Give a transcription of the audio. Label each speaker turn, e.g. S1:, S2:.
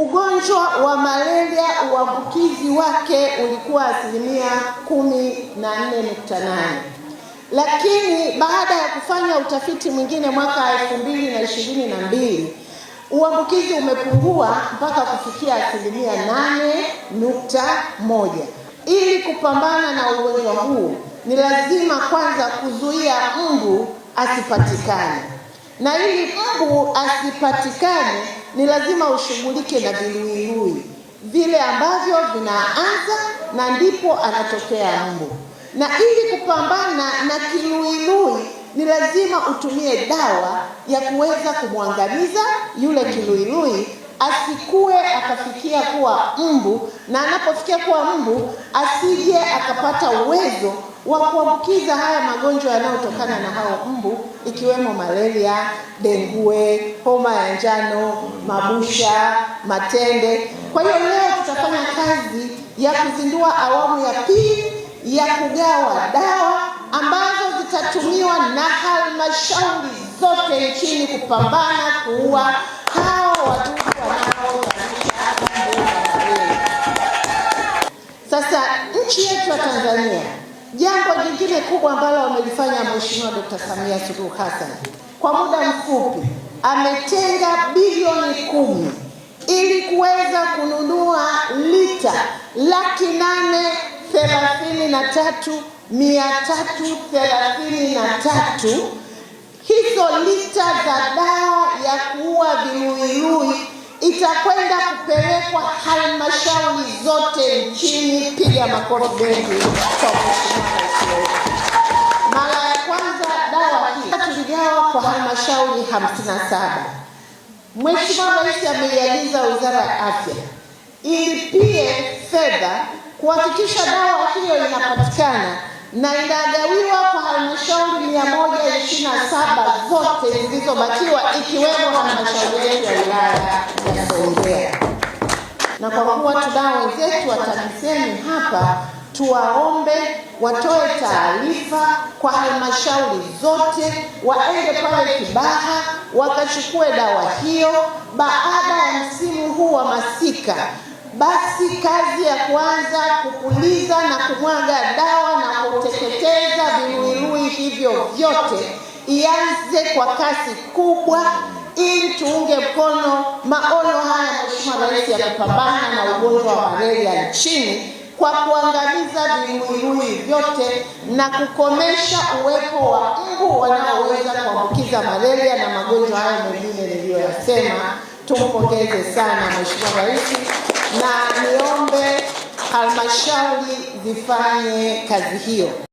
S1: Ugonjwa wa malaria uambukizi wake ulikuwa asilimia kumi na nne nukta nane lakini baada ya kufanya utafiti mwingine mwaka elfu mbili na ishirini na mbili uambukizi umepungua mpaka kufikia asilimia nane nukta moja. Ili kupambana na ugonjwa huu ni lazima kwanza kuzuia mbu asipatikane, na ili mbu asipatikane ni lazima ushughulike na viluilui vile ambavyo vinaanza na ndipo anatokea mbu, na ili kupambana na kiluilui ni lazima utumie dawa ya kuweza kumwangamiza yule kiluilui asikue akafikia kuwa mbu, na anapofikia kuwa mbu asije akapata uwezo wa kuambukiza haya magonjwa yanayotokana na hao mbu ikiwemo malaria, dengue, homa ya njano, mabusha, matende. Kwa hiyo leo tutafanya kazi ya kuzindua awamu ya pili ya kugawa dawa ambazo zitatumiwa na halmashauri zote nchini kupambana kuua hao wadudu wanaosababisha mbu. Sasa nchi yetu ya Tanzania Jambo jingine kubwa ambalo wamelifanya Mheshimiwa Dkt. Samia Suluhu Hassan kwa muda mfupi ametenga bilioni kumi ili kuweza kununua lita laki nane thelathini na tatu mia tatu thelathini na tatu hizo lita za dawa ya kuua viluilui itakwenda kupelekwa halmashauri zote nchini kupiga makofi mengi Mara ya kwanza dawa hii tuligawa kwa halmashauri 57. Mheshimiwa Rais ameiagiza Wizara ya Afya ilipie fedha kuhakikisha dawa hiyo inapatikana na inagawiwa kwa halmashauri 127 zote zilizobakiwa ikiwemo halmashauri yetu ya wilaya ya Songea na kwa kuwa tunao wenzetu wa TAMISEMI hapa, tuwaombe watoe taarifa kwa halmashauri zote, waende pale Kibaha wakachukue dawa hiyo baada ya msimu huu wa masika. Basi kazi ya kuanza kupuliza na kumwaga dawa na kuteketeza viluilui hivyo vyote ianze kwa kasi kubwa ili tuunge mkono maono haya Mheshimiwa Rais ya kupambana na ugonjwa wa malaria nchini kwa kuangamiza viluilui vyote na kukomesha uwepo wa mbu wanaoweza kuambukiza malaria na magonjwa hayo mengine niliyoyasema. Tumpongeze sana Mheshimiwa Rais na niombe halmashauri zifanye kazi hiyo.